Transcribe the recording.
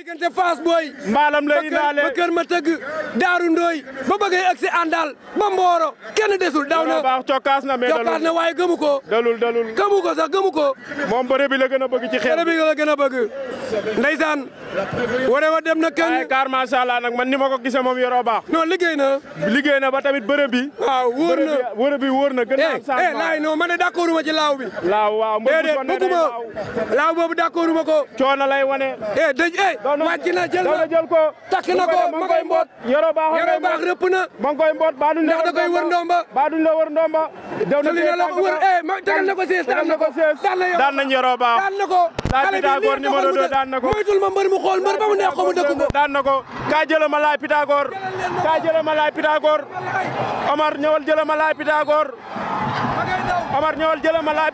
diggante Fass Boy. mbaalam lay indaale ba kër ma tëgg Daaru Ndooy ba bëggee agsi àndal ba Mboro kenn desul. daw na baax cokkaas na mais cokkaas na waaye gëmu ko. dalul dalul gëmu sax gëmu moom bëre bi la gën a bëgg ci xeex bëre bi la a bëgg. ndeysaan waree wa dem na kenn waaye car macha allah nag man ni ma ko gisee moom yoroo baax noo liggéey na liggéey na ba tamit bërëb bi waaw wóor na bërëb bi wóor na gën a eh, eh laay non man de d'accord uma laaw bi laaw waaw déedéet bëgguma laaw ko coono lay wane eh dëj eh wàcc jël ko takk ko ma koy mboot yoroo baax yoroo rëpp na ma ngi koy mboot baaduñ koy wër ndomba baaduñ la wër ndomba daw na la wër eh, ko sees daan na ko daan nañ laay Pythagore na ko moytul ma mbër mu xool mbër ba mu ko mu dëkku ko daan na ko kaa jëla ma laay jëla ma laay Pythagore Omar ñëwal jëla ma laay Pythagore jëla ma